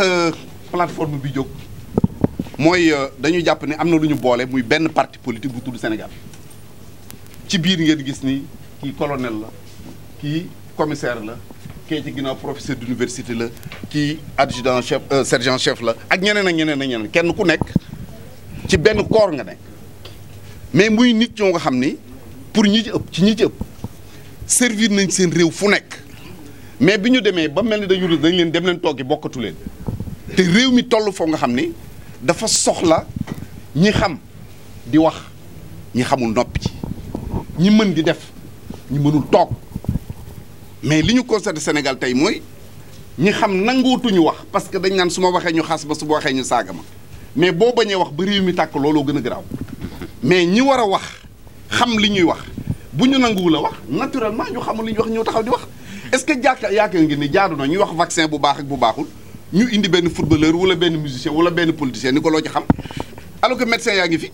Euh, tax bi jóg mooy euh, dañu jàpp ne am na lu ñu boole muy benn parti politique bu tudd Sénégal ci biir ngeen gis ni kii colonel la kii commissaire la kii ci ginnaaw professeur d'université la kii adjudant chef euh, sergent chef la ak ñeneen ak ñeneen ak ñeneen kenn ku nekk ci benn corps nga nekk mais muy nit ñoo nga xam ni pour ñi ci ëpp ci ñi ci ëpp servir nañ seen réew fu nekk mais bi ñu demee ba mel ni dañu dañ leen dem leen toogi bokkatu leen te réew mi toll foo nga xam ni dafa soxla ñi xam di wax ñi xamul noppi ci ñi mën di def ñi mënul toog mais li ñu constaté Sénégal tey mooy ñi xam nangootuñu wax parce que dañ naan su ma waxee ñu xas ba su ma waxee ñu saaga ma mais boo bañee wax ba réew mi tàkk looloo gën a garaaw mais ñi war a wax xam li ñuy wax bu ñu nanguwul a wax naturellement ñu xamul li ñuy wax ñëw taxaw di wax est-ce que jàkka yaakaar ngeen ni jaadu na ñuy wax vaccin bu baax ak bu baaxul. ñu indi benn footballeur wala benn musicien wala benn politicien ni ko loo ci xam alors que médecin yaa ngi fi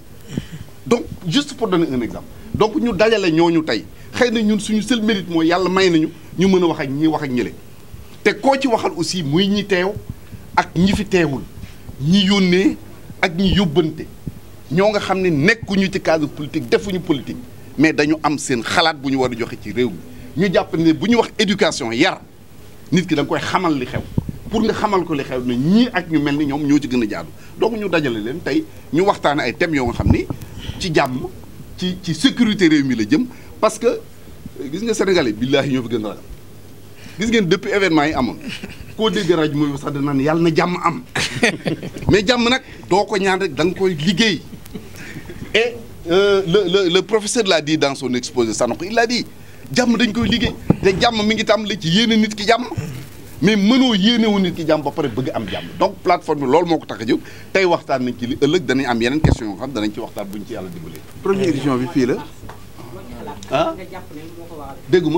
donc juste pour donner un exemple donc ñu dajale ñu tey xëy na ñun suñu seul mérite mooy yàlla may nañu ñu mën a wax ak ñi wax ak ñële te koo ci waxal aussi muy ñi teew ak ñi fi teewul ñi yónnee ak ñi yóbbante ñoo nga xam ne nekkuñu ci cadre politique defuñu politique mais dañu am seen xalaat bu ñu war a joxe ci réew mi ñu jàpp ne bu ñu wax éducation yar nit ki da koy xamal li xew. pour nga xamal ko li xew na ñii ak ñu mel ni ñoom ñoo ci gën a jaadu donc ñu dajale leen tey ñu waxtaane ay thèmes yoo nga xam ni ci jàmm ci ci sécurité réew mi la jëm parce que gis nga sénégalais billaahi ñoo fi gën a ragal gis ngeen depuis événement yi amoon koo dégg rajo mooy sax danaan yàlla na jàmm am mais jàmm nag doo ko ñaan rek da nga koy liggéey e euh, le le le professeur l'a dit dans son exposé Sanokh il l'a di jàmm dañ koy liggéey te jàmm mi ngi tàmbali ci yéene nit ki jàmm mais mënoo yéenewu nit ki jàmm ba pare bëgg am jàmm donc plateforme bi loolu moo ko tax a jóg tey waxtaan nañ ci li ëllëg danañ am yeneen question yoo xam danañ ci waxtaan buñ ci yàlla dimbalee. première édition bi fii la. ah déggu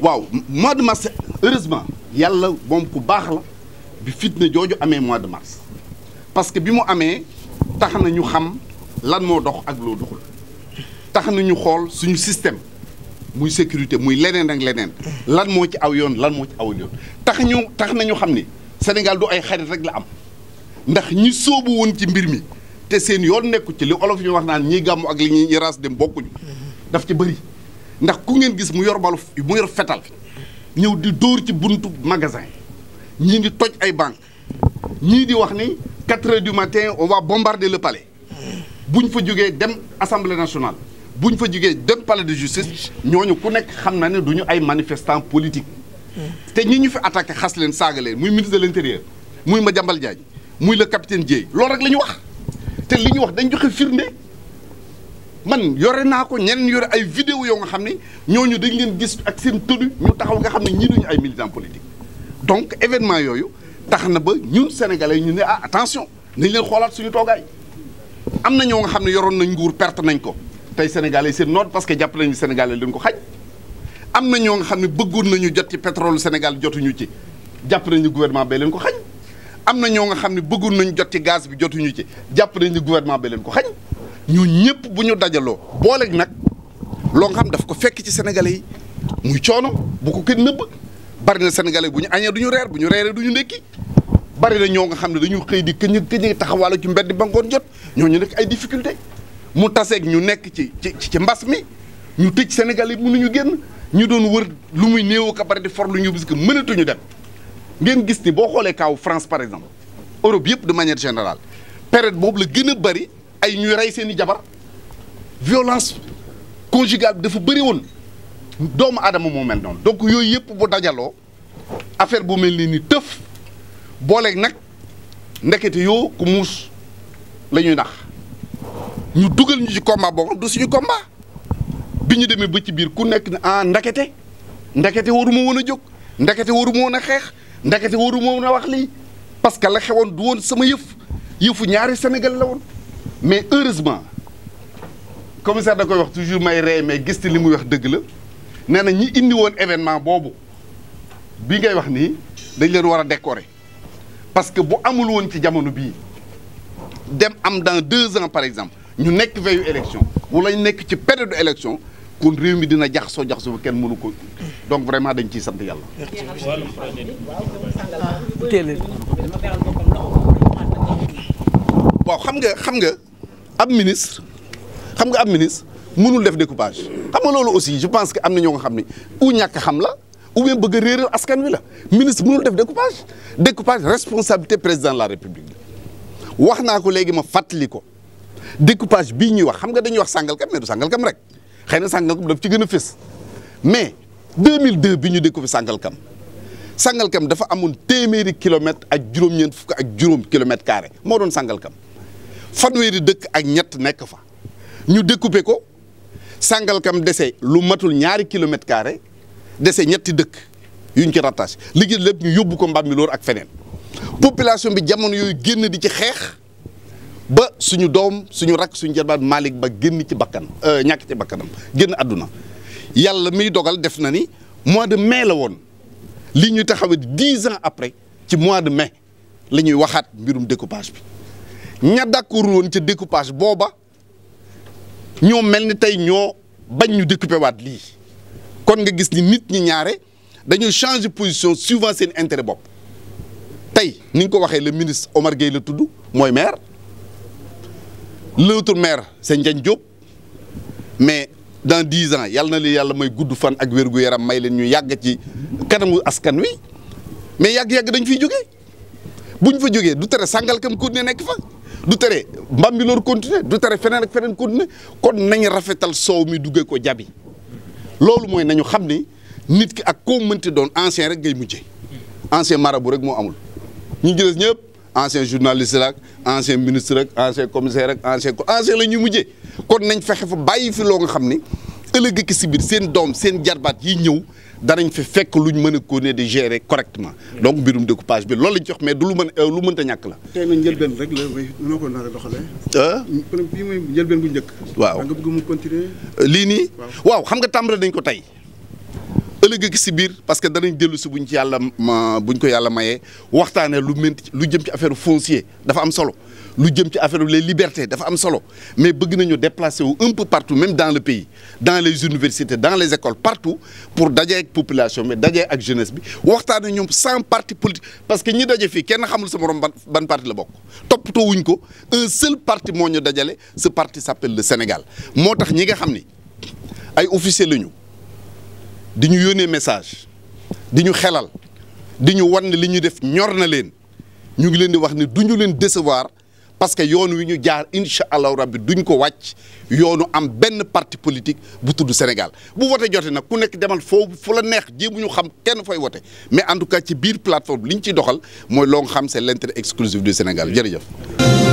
waaw mois de mars heureusement yàlla moom ku baax la bi fitna jooju amee mois de mars parce que bi mu amee tax na ñu xam lan moo dox ak loo doxul tax na ñu xool suñu système. muy sécurité muy leneen ak leneen. lan moo ci aw yoon lan moo ci awul yoon. tax ñu tax nañu xam ni Sénégal du ay xarit rek la am ndax ñi soobu woon ci mbir mi te seen yoon nekku ci li olof ñu wax naan ñiy gàmmu ak li ñuy raas dem bokkuñu. daf ci bëri ndax ku ngeen gis mu yor balu mu yor fetal ñëw di dóor ci buntu magasin ñii di toj ay banque ñii di wax ni quatre heures du matin on va bombarder le palais buñ fa jógee dem assemblée nationale. bu ñu fa jugee dem palais de justice ñooñu ku nekk xam na ne du ñu ay manifestant politique te ñi ñu fi attaqué xas leen saaga leen muy ministre de l'intérieur muy ma Madiambal Diagne muy le capitaine Dièye loolu rek la ñu wax te li ñu wax dañ joxe firnde man yore naa ko ñeneen yore ay vidéo yoo nga xam ne ñooñu dañ leen gis ak seen tenue ñu taxaw nga xam ne ñii duñu ay militant politique donc événement yooyu tax na ba ñun sénégalais ñu ne ah attention nañ leen xoolaat suñu toogaay am na nga xam ne yoroon nañ nguur perte nañ ko tey sénégalais seen parce que jàpp nañu sénégalais leen ko xañ am na ñoo nga xam ne bëggoon nañu jot ci pétrole Sénégal jotuñu ci jàpp nañu gouvernement bay leen ko xañ am na ñoo nga xam ne bëggoon nañu jot ci gaz bi jotuñu ci jàpp nañu gouvernement bay leen ko xañ ñu ñëpp bu ñu dajaloo boole nag loo nga xam daf ko fekk ci sénégalais yi muy coono bu ko kenn nëbb bari na sénégalais bu ñu añee du ñu reer bu ñu reeree du ñu ndékki bari na ñoo nga xam ne dañu xëy di këñ këñ taxawaalu ci mbedd ba ngoon jot ñu nekk ay difficulté mu taseeg ñu nekk ci ci mbas mi ñu tëj Sénégal yi ñu génn ñu doon wër lu muy néew ka bari di for lu ñu bis que mënatuñu dem ngeen gis ni boo xoolee kaaw France par exemple Europe yëpp de manière générale période boobu la gën a bari ay ñuy rey seen jabar violence conjugale bi dafa bëri woon doomu aadama moo mel noonu donc yooyu yëpp bu dajaloo affaire bu mel nii ni tëf booleeg nag ndekete yoo ku muus la ñuy nax ñu dugal ñu ci combat boobu du suñu combat bi ñu demee ba ci biir ku nekk ah ndakete ndakete waruma woon a jóg ndakete waruma woon a xeex ndakete waruma woon a wax lii parce que la xewoon du woon sama yëf yëfu ñaari Sénégal la woon mais heureusement commissaire da koy wax toujours may ree mais gis li muy wax dëgg la nee na ñi indi woon événement boobu bi ngay wax nii dañ leen war a décorer parce que bu amul woon ci jamono bii dem am dans deux ans par exemple ñu nekk veillu élection wala ñu nekk ci période élection kon réew mi dina jaxasoo jaxasoo kenn mënu ko donc vraiment dañ ciy sant yàlla. waaw xam nga xam nga ab ministre xam nga am ministre mënul def découpage xam nga loolu aussi je pense que am na ñoo nga xam ni ou ñàkk xam la ou bien bëgg a réeral askan wi la ministre mënul def découpage découpage responsabilité président de la république wax naa ko léegi ma fàttali ko. découpage bii ñuy wax xam nga dañuy wax Sangalkam mais du Sangalkam rek xëy na Sangalkam daf ci gën a fës mais 2002 bi ñu découpé Sangalkam Sangalkam dafa amoon téeméeri kilomètres ak juróom-ñeent fukk ak juróom kilomètres carré moo doon Sangalkam fanweeri dëkk ak ñett nekk fa ñu découpé ko Sangalkam dese lu matul ñaari kilomètres carré dese ñetti dëkk yuñ ci rattaché liggéey lépp ñu yóbbu ko mi loolu ak feneen population bi jamono yooyu génn di ci xeex. ba suñu doom suñu rakk suñu jarbaat Malick ba génn ci bakkan euh, ñàkk ci bakkanam génn àdduna yàlla mi dogal def na ni mois de mai la woon lii ñu taxawee dix ans après ci mois de mai la ñuy waxaat mbirum découpage bi ña d'accord woon ca découpage booba ñoo mel ni tey ñoo bañ ñu découper waat lii kon nga gis ni nit ñi ñaare dañuy changer position suivant seen intérêt bopp tey ni nga ko waxee le ministre Omar Gueye la tudd mooy maire. l'autre maire c'est Ndiagne Diop mais dans dix ans yal na li yàlla may gudd fan ak wér yaram may leen ñu yàgg ci kanamu askan wi mais yàgg-yàgg dañ fiy jógee buñ fa jógee du tere sangal Sangalkam continuer nekk fa du tere loolu continuer du tere feneen ak feneen continuer kon nañ rafetal soow mi duggee ko jabi loolu mooy nañu xam ni nit ki ak koo mënti doon ancien rek ngay mujje ancien marabu rek moo amul ñu jëles ñëpp ancien journaliste la ak ancien ministre rek ancien commissaire ak ancien ancien la ñuy mujjee kon nañ fexe fa bàyyi fi loo nga xam ni ëllëg ki si biir seen doom seen jarbaat yi ñëw danañ fi fekk luñ mën a continuer di gérer correctement donc mbirum découpage bi loolu lañ jox mais du lu mën lu mënta ñàkk la. tey nag njëlbeen rek la way noo ko nar a doxalee. bii bu njëkk. waaw nga bëgg lii nii waaw xam nga tàmbale dañ ko tey. ëllëg si biir parce que danañ dellu si buñ ci yàlla buñ ko yàlla mayee waxtaanee lu mel lu jëm ci affaire foncier dafa am solo lu jëm ci affaire les liberté dafa am solo mais bëgg nañu déplacer wu un peu partout même dans le pays dans les universités dans les école partout pour dajee ak population bi dajee ak jeunesse bi waxtaanee ñoom sans parti politique parce que ñi daje fii kenn xamul sa morom ban ban parti la bokk toppatoo wuñ ko un seul parti moo ñu dajale parti s'appelle le Sénégal moo tax ñi nga xam ni ay officiers la ñu. di ñu yónnee message di ñu xelal di ñu wan ne li ñu def ñor na leen ñu ngi leen di wax ne du ñu leen décevoir parce que yoon wi ñu jaar incha allahu rabbi duñ ko wàcc yoonu am benn parti politique bu tudd Sénégal bu wote jotee na ku nekk demal foofu fu la neex ñu xam kenn fooy wote mais en tout cas ci biir plateforme li ñu ciy doxal mooy loo nga xam c'est l'intérêt exclusif du Sénégal jërëjëf.